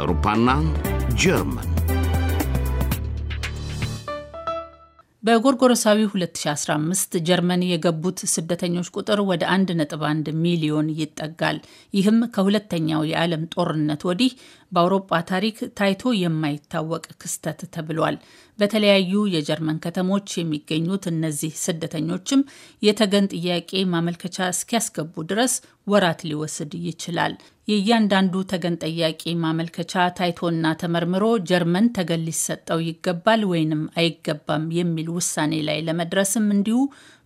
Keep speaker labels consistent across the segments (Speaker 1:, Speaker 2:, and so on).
Speaker 1: አውሮፓና ጀርመን
Speaker 2: በጎርጎረሳዊ 2015 ጀርመን የገቡት ስደተኞች ቁጥር ወደ 1.1 ሚሊዮን ይጠጋል። ይህም ከሁለተኛው የዓለም ጦርነት ወዲህ በአውሮጳ ታሪክ ታይቶ የማይታወቅ ክስተት ተብሏል። በተለያዩ የጀርመን ከተሞች የሚገኙት እነዚህ ስደተኞችም የተገን ጥያቄ ማመልከቻ እስኪያስገቡ ድረስ ወራት ሊወስድ ይችላል። የእያንዳንዱ ተገን ጠያቂ ማመልከቻ ታይቶና ተመርምሮ ጀርመን ተገን ሊሰጠው ይገባል ወይንም አይገባም የሚል ውሳኔ ላይ ለመድረስም እንዲሁ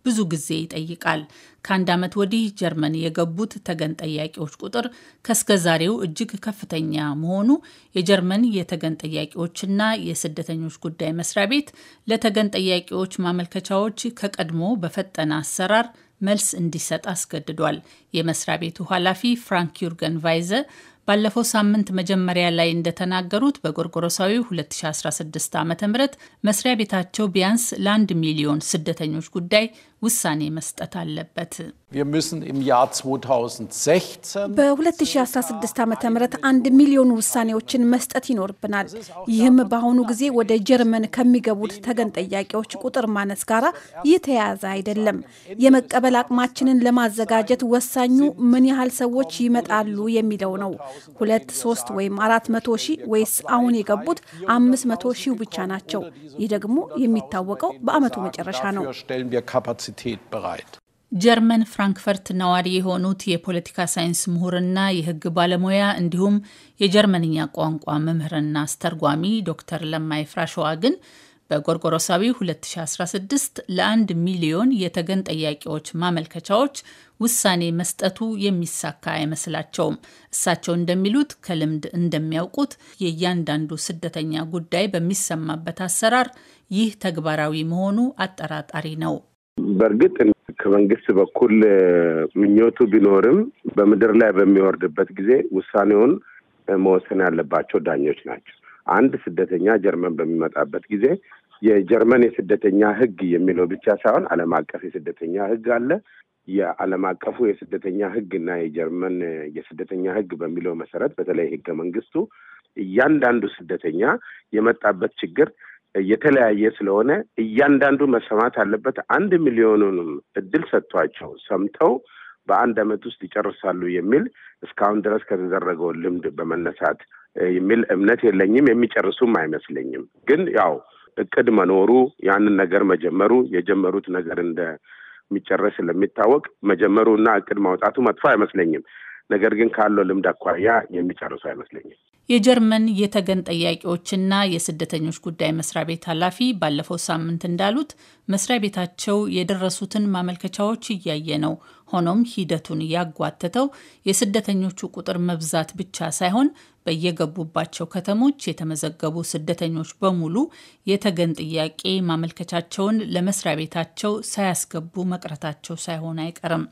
Speaker 2: ብዙ ጊዜ ይጠይቃል። ከአንድ ዓመት ወዲህ ጀርመን የገቡት ተገን ጠያቂዎች ቁጥር ዛሬው እጅግ ከፍተኛ መሆኑ የጀርመን የተገን ጠያቂዎችና የስደተኞች ጉዳይ መስሪያ ቤት ለተገን ጠያቂዎች ማመልከቻዎች ከቀድሞ በፈጠነ አሰራር መልስ እንዲሰጥ አስገድዷል። የመስሪያ ቤቱ ኃላፊ ፍራንክ ዩርገን ቫይዘ ባለፈው ሳምንት መጀመሪያ ላይ እንደተናገሩት በጎርጎሮሳዊ 2016 ዓ ም መስሪያ ቤታቸው ቢያንስ ለአንድ ሚሊዮን ስደተኞች ጉዳይ ውሳኔ መስጠት አለበት።
Speaker 1: በ2016
Speaker 3: ዓ ም አንድ ሚሊዮን ውሳኔዎችን መስጠት ይኖርብናል። ይህም በአሁኑ ጊዜ ወደ ጀርመን ከሚገቡት ተገን ጠያቂዎች ቁጥር ማነስ ጋር የተያያዘ አይደለም። የመቀበል አቅማችንን ለማዘጋጀት ወሳኙ ምን ያህል ሰዎች ይመጣሉ የሚለው ነው። ሁለት ሶስት ወይም አራት መቶ ሺህ ወይስ አሁን የገቡት አምስት መቶ ሺህ ብቻ ናቸው። ይህ ደግሞ የሚታወቀው በአመቱ መጨረሻ ነው። ጀርመን ፍራንክፈርት ነዋሪ የሆኑት
Speaker 2: የፖለቲካ ሳይንስ ምሁርና የሕግ ባለሙያ እንዲሁም የጀርመንኛ ቋንቋ መምህርና አስተርጓሚ ዶክተር ለማይ ፍራሸዋ ግን በጎርጎሮሳዊ 2016 ለአንድ ሚሊዮን የተገን ጠያቂዎች ማመልከቻዎች ውሳኔ መስጠቱ የሚሳካ አይመስላቸውም። እሳቸው እንደሚሉት ከልምድ እንደሚያውቁት የእያንዳንዱ ስደተኛ ጉዳይ በሚሰማበት አሰራር ይህ ተግባራዊ መሆኑ አጠራጣሪ ነው።
Speaker 1: በእርግጥ ከመንግስት በኩል ምኞቱ ቢኖርም በምድር ላይ በሚወርድበት ጊዜ ውሳኔውን መወሰን ያለባቸው ዳኞች ናቸው። አንድ ስደተኛ ጀርመን በሚመጣበት ጊዜ የጀርመን የስደተኛ ህግ የሚለው ብቻ ሳይሆን ዓለም አቀፍ የስደተኛ ህግ አለ። የዓለም አቀፉ የስደተኛ ህግ እና የጀርመን የስደተኛ ህግ በሚለው መሰረት በተለይ ህገ መንግስቱ እያንዳንዱ ስደተኛ የመጣበት ችግር የተለያየ ስለሆነ እያንዳንዱ መሰማት አለበት። አንድ ሚሊዮኑንም እድል ሰጥቷቸው ሰምተው በአንድ ዓመት ውስጥ ይጨርሳሉ የሚል እስካሁን ድረስ ከተደረገው ልምድ በመነሳት የሚል እምነት የለኝም። የሚጨርሱም አይመስለኝም። ግን ያው እቅድ መኖሩ ያንን ነገር መጀመሩ የጀመሩት ነገር እንደሚጨረስ ስለሚታወቅ መጀመሩ እና እቅድ ማውጣቱ መጥፎ አይመስለኝም። ነገር ግን ካለው ልምድ አኳያ የሚጨርሱ አይመስለኝም።
Speaker 2: የጀርመን የተገን ጠያቂዎችና የስደተኞች ጉዳይ መስሪያ ቤት ኃላፊ ባለፈው ሳምንት እንዳሉት መስሪያ ቤታቸው የደረሱትን ማመልከቻዎች እያየ ነው። ሆኖም ሂደቱን ያጓተተው የስደተኞቹ ቁጥር መብዛት ብቻ ሳይሆን በየገቡባቸው ከተሞች የተመዘገቡ ስደተኞች በሙሉ የተገን ጥያቄ ማመልከቻቸውን ለመስሪያ ቤታቸው ሳያስገቡ መቅረታቸው ሳይሆን አይቀርም።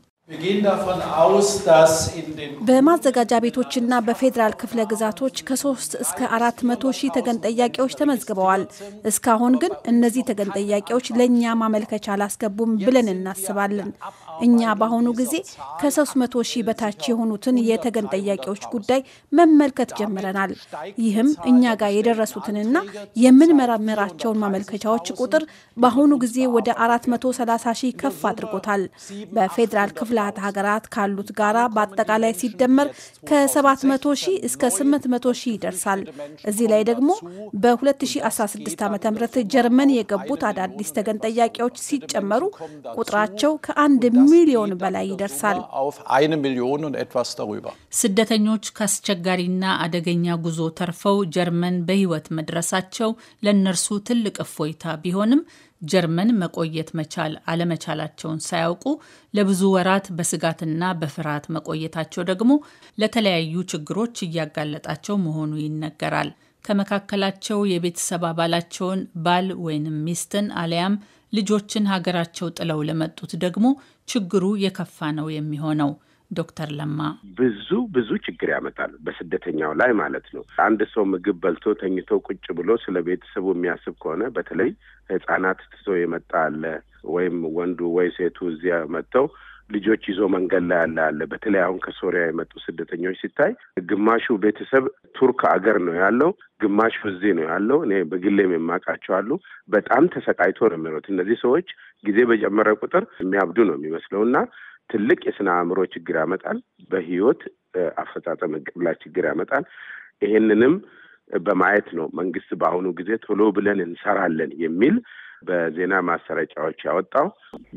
Speaker 3: በማዘጋጃ ቤቶችና በፌዴራል ክፍለ ግዛቶች ከሶስት እስከ አራት መቶ ሺህ ተገን ጠያቂዎች ተመዝግበዋል። እስካሁን ግን እነዚህ ተገን ጠያቂዎች ለእኛ ማመልከቻ አላስገቡም ብለን እናስባለን። እኛ በአሁኑ ጊዜ ከ300 ሺህ በታች የሆኑትን የተገን ጠያቂዎች ጉዳይ መመልከት ጀምረናል። ይህም እኛ ጋር የደረሱትንና የምንመራመራቸውን ማመልከቻዎች ቁጥር በአሁኑ ጊዜ ወደ 430 ሺህ ከፍ አድርጎታል። በፌዴራል ክፍላት ሀገራት ካሉት ጋራ በአጠቃላይ ሲደመር ከ700 ሺህ እስከ 800 ሺህ ይደርሳል። እዚህ ላይ ደግሞ በ2016 ዓ ም ጀርመን የገቡት አዳዲስ ተገን ጠያቂዎች ሲጨመሩ ቁጥራቸው ከአንድ ሚሊዮን በላይ ይደርሳል።
Speaker 2: ስደተኞች ከአስቸጋሪና አደገኛ ጉዞ ተርፈው ጀርመን በሕይወት መድረሳቸው ለእነርሱ ትልቅ እፎይታ ቢሆንም ጀርመን መቆየት መቻል አለመቻላቸውን ሳያውቁ ለብዙ ወራት በስጋትና በፍርሃት መቆየታቸው ደግሞ ለተለያዩ ችግሮች እያጋለጣቸው መሆኑ ይነገራል። ከመካከላቸው የቤተሰብ አባላቸውን ባል ወይንም ሚስትን አሊያም ልጆችን ሀገራቸው ጥለው ለመጡት ደግሞ ችግሩ የከፋ ነው የሚሆነው። ዶክተር ለማ
Speaker 1: ብዙ ብዙ ችግር ያመጣል በስደተኛው ላይ ማለት ነው። አንድ ሰው ምግብ በልቶ ተኝቶ ቁጭ ብሎ ስለ ቤተሰቡ የሚያስብ ከሆነ በተለይ ህጻናት ትቶ የመጣ አለ ወይም ወንዱ ወይ ሴቱ እዚያ መጥተው ልጆች ይዞ መንገድ ላይ ያለ አለ። በተለይ አሁን ከሶሪያ የመጡ ስደተኞች ሲታይ ግማሹ ቤተሰብ ቱርክ አገር ነው ያለው፣ ግማሹ እዚህ ነው ያለው። እኔ በግሌም የማውቃቸው አሉ። በጣም ተሰቃይቶ ነው የሚኖሩት። እነዚህ ሰዎች ጊዜ በጨመረ ቁጥር የሚያብዱ ነው የሚመስለው እና ትልቅ የስነ አእምሮ ችግር ያመጣል። በህይወት አፈጻጸም እቅድ ላይ ችግር ያመጣል። ይሄንንም በማየት ነው መንግስት በአሁኑ ጊዜ ቶሎ ብለን እንሰራለን የሚል በዜና ማሰራጫዎች ያወጣው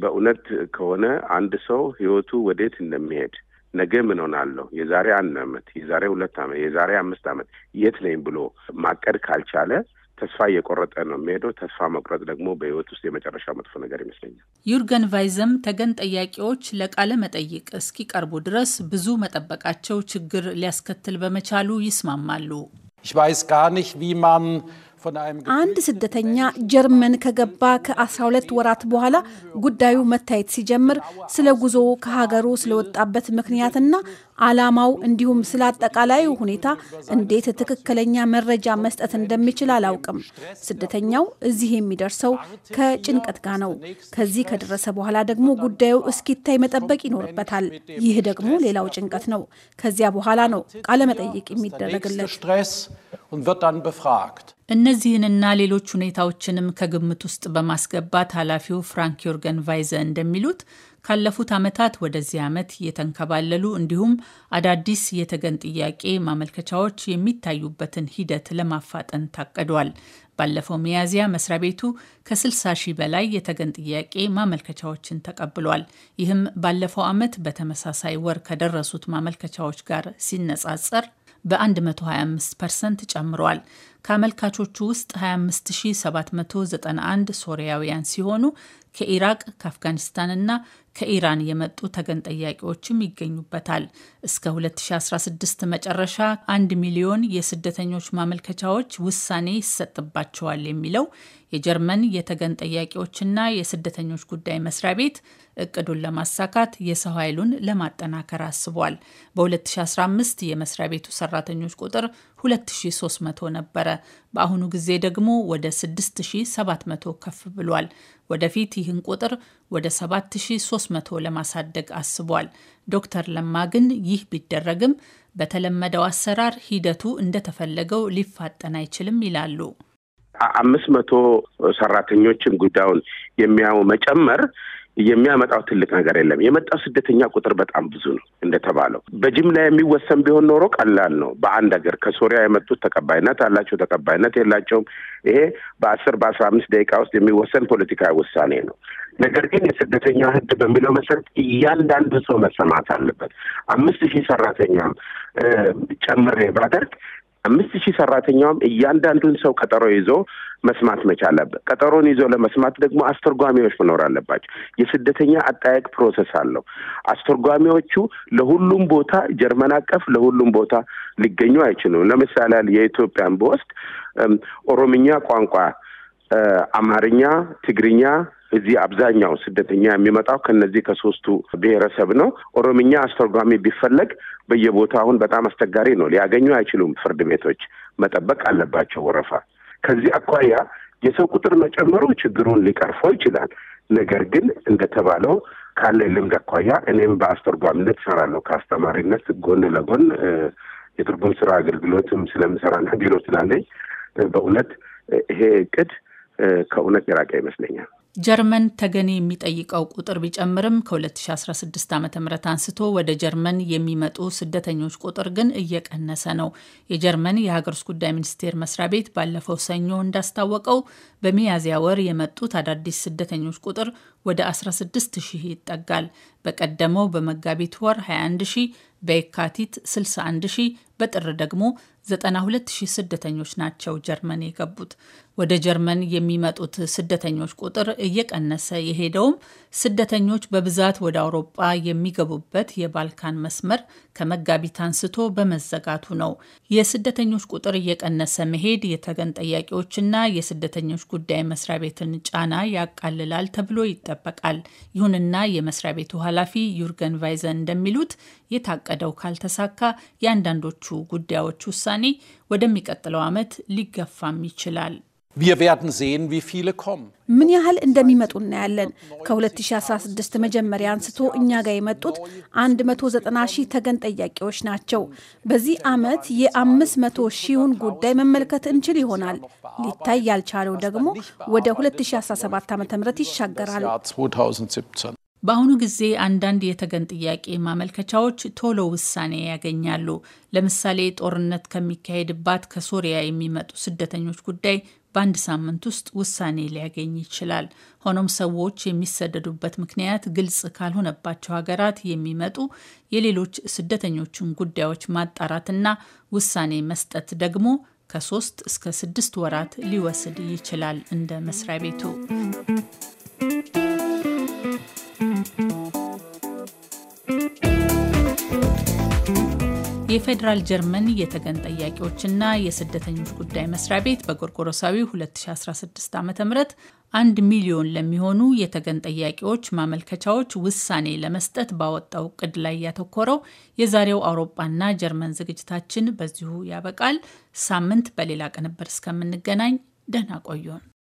Speaker 1: በእውነት ከሆነ አንድ ሰው ህይወቱ ወዴት እንደሚሄድ ነገ ምን ሆናለሁ፣ የዛሬ አንድ አመት፣ የዛሬ ሁለት አመት፣ የዛሬ አምስት አመት የት ነኝ ብሎ ማቀድ ካልቻለ ተስፋ እየቆረጠ ነው የሚሄደው። ተስፋ መቁረጥ ደግሞ በህይወት ውስጥ የመጨረሻ መጥፎ ነገር ይመስለኛል።
Speaker 2: ዩርገን ቫይዘም ተገን ጠያቂዎች ለቃለ መጠይቅ እስኪቀርቡ ድረስ ብዙ መጠበቃቸው ችግር ሊያስከትል በመቻሉ ይስማማሉ።
Speaker 3: አንድ ስደተኛ ጀርመን ከገባ ከ12 ወራት በኋላ ጉዳዩ መታየት ሲጀምር ስለ ጉዞ ከሀገሩ ስለወጣበት ምክንያትና ዓላማው እንዲሁም ስለ አጠቃላዩ ሁኔታ እንዴት ትክክለኛ መረጃ መስጠት እንደሚችል አላውቅም። ስደተኛው እዚህ የሚደርሰው ከጭንቀት ጋር ነው። ከዚህ ከደረሰ በኋላ ደግሞ ጉዳዩ እስኪታይ መጠበቅ ይኖርበታል። ይህ ደግሞ ሌላው ጭንቀት ነው። ከዚያ በኋላ ነው ቃለመጠይቅ የሚደረግለት።
Speaker 2: እነዚህንና ሌሎች ሁኔታዎችንም ከግምት ውስጥ በማስገባት ኃላፊው ፍራንክ ዮርገን ቫይዘ እንደሚሉት ካለፉት ዓመታት ወደዚህ ዓመት የተንከባለሉ እንዲሁም አዳዲስ የተገን ጥያቄ ማመልከቻዎች የሚታዩበትን ሂደት ለማፋጠን ታቀዷል። ባለፈው ሚያዝያ መስሪያ ቤቱ ከ60 ሺህ በላይ የተገን ጥያቄ ማመልከቻዎችን ተቀብሏል። ይህም ባለፈው ዓመት በተመሳሳይ ወር ከደረሱት ማመልከቻዎች ጋር ሲነጻጸር በ125 ፐርሰንት ጨምሯል። ከአመልካቾቹ ውስጥ 25791 ሶሪያውያን ሲሆኑ ከኢራቅ ከአፍጋኒስታንና ከኢራን የመጡ ተገን ጠያቂዎችም ይገኙበታል። እስከ 2016 መጨረሻ 1 ሚሊዮን የስደተኞች ማመልከቻዎች ውሳኔ ይሰጥባቸዋል የሚለው የጀርመን የተገን ጠያቂዎችና የስደተኞች ጉዳይ መስሪያ ቤት እቅዱን ለማሳካት የሰው ኃይሉን ለማጠናከር አስቧል። በ2015 የመስሪያ ቤቱ ሰራተኞች ቁጥር 2300 ነበረ። በአሁኑ ጊዜ ደግሞ ወደ 6700 ከፍ ብሏል። ወደፊት ይህን ቁጥር ወደ 7300 ለማሳደግ አስቧል። ዶክተር ለማ ግን ይህ ቢደረግም በተለመደው አሰራር ሂደቱ እንደተፈለገው ሊፋጠን አይችልም ይላሉ።
Speaker 1: አምስት መቶ ሰራተኞችን ጉዳዩን የሚያው መጨመር የሚያመጣው ትልቅ ነገር የለም። የመጣው ስደተኛ ቁጥር በጣም ብዙ ነው። እንደተባለው በጅምላ የሚወሰን ቢሆን ኖሮ ቀላል ነው። በአንድ ሀገር ከሶሪያ የመጡት ተቀባይነት አላቸው፣ ተቀባይነት የላቸውም። ይሄ በአስር በአስራ አምስት ደቂቃ ውስጥ የሚወሰን ፖለቲካዊ ውሳኔ ነው። ነገር ግን የስደተኛ ሕግ በሚለው መሰረት እያንዳንዱ ሰው መሰማት አለበት። አምስት ሺህ ሰራተኛም ጨምሬ ባደርግ አምስት ሺህ ሰራተኛውም እያንዳንዱን ሰው ቀጠሮ ይዞ መስማት መቻል አለበት። ቀጠሮን ይዞ ለመስማት ደግሞ አስተርጓሚዎች መኖር አለባቸው። የስደተኛ አጠያየቅ ፕሮሰስ አለው። አስተርጓሚዎቹ ለሁሉም ቦታ ጀርመን አቀፍ ለሁሉም ቦታ ሊገኙ አይችሉም። ለምሳሌ የኢትዮጵያን በወስድ ኦሮምኛ ቋንቋ፣ አማርኛ፣ ትግርኛ እዚህ አብዛኛው ስደተኛ የሚመጣው ከነዚህ ከሶስቱ ብሔረሰብ ነው። ኦሮምኛ አስተርጓሚ ቢፈለግ በየቦታው አሁን በጣም አስቸጋሪ ነው። ሊያገኙ አይችሉም። ፍርድ ቤቶች መጠበቅ አለባቸው ወረፋ። ከዚህ አኳያ የሰው ቁጥር መጨመሩ ችግሩን ሊቀርፈው ይችላል። ነገር ግን እንደተባለው ካለ ልምድ አኳያ እኔም በአስተርጓሚነት እሰራለሁ ከአስተማሪነት ጎን ለጎን የትርጉም ስራ አገልግሎትም ስለምሰራና ቢሮ ስላለኝ በእውነት ይሄ እቅድ ከእውነት የራቀ ይመስለኛል።
Speaker 2: ጀርመን ተገን የሚጠይቀው ቁጥር ቢጨምርም ከ2016 ዓ ም አንስቶ ወደ ጀርመን የሚመጡ ስደተኞች ቁጥር ግን እየቀነሰ ነው። የጀርመን የሀገር ውስጥ ጉዳይ ሚኒስቴር መስሪያ ቤት ባለፈው ሰኞ እንዳስታወቀው በሚያዝያ ወር የመጡት አዳዲስ ስደተኞች ቁጥር ወደ 16 ሺህ ይጠጋል። በቀደመው በመጋቢት ወር 21 ሺህ በየካቲት 61 ሺህ በጥር ደግሞ 92,000 ስደተኞች ናቸው ጀርመን የገቡት። ወደ ጀርመን የሚመጡት ስደተኞች ቁጥር እየቀነሰ የሄደውም ስደተኞች በብዛት ወደ አውሮጳ የሚገቡበት የባልካን መስመር ከመጋቢት አንስቶ በመዘጋቱ ነው። የስደተኞች ቁጥር እየቀነሰ መሄድ የተገን ጠያቂዎችና የስደተኞች ጉዳይ መስሪያ ቤትን ጫና ያቃልላል ተብሎ ይጠበቃል። ይሁንና የመስሪያ ቤቱ ኃላፊ ዩርገን ቫይዘን እንደሚሉት የታቀደው ካልተሳካ የአንዳንዶቹ ጉዳዮች ውሳኔ ውሳኔ ወደሚቀጥለው ዓመት
Speaker 1: ሊገፋም ይችላል።
Speaker 3: ምን ያህል እንደሚመጡ እናያለን። ከ2016 መጀመሪያ አንስቶ እኛ ጋር የመጡት 190 ሺህ ተገን ጠያቂዎች ናቸው። በዚህ ዓመት የ500 ሺውን ጉዳይ መመልከት እንችል ይሆናል። ሊታይ ያልቻለው ደግሞ ወደ 2017 ዓ ም ይሻገራል።
Speaker 2: በአሁኑ ጊዜ አንዳንድ የተገን ጥያቄ ማመልከቻዎች ቶሎ ውሳኔ ያገኛሉ። ለምሳሌ ጦርነት ከሚካሄድባት ከሶሪያ የሚመጡ ስደተኞች ጉዳይ በአንድ ሳምንት ውስጥ ውሳኔ ሊያገኝ ይችላል። ሆኖም ሰዎች የሚሰደዱበት ምክንያት ግልጽ ካልሆነባቸው ሀገራት የሚመጡ የሌሎች ስደተኞችን ጉዳዮች ማጣራትና ውሳኔ መስጠት ደግሞ ከሶስት እስከ ስድስት ወራት ሊወስድ ይችላል እንደ መስሪያ ቤቱ የፌዴራል ጀርመን የተገን ጠያቂዎችና የስደተኞች ጉዳይ መስሪያ ቤት በጎርጎሮሳዊ 2016 ዓ ም አንድ ሚሊዮን ለሚሆኑ የተገን ጠያቂዎች ማመልከቻዎች ውሳኔ ለመስጠት ባወጣው እቅድ ላይ ያተኮረው የዛሬው አውሮፓና ጀርመን ዝግጅታችን በዚሁ ያበቃል። ሳምንት በሌላ ቅንብር እስከምንገናኝ ደህና ቆዩን።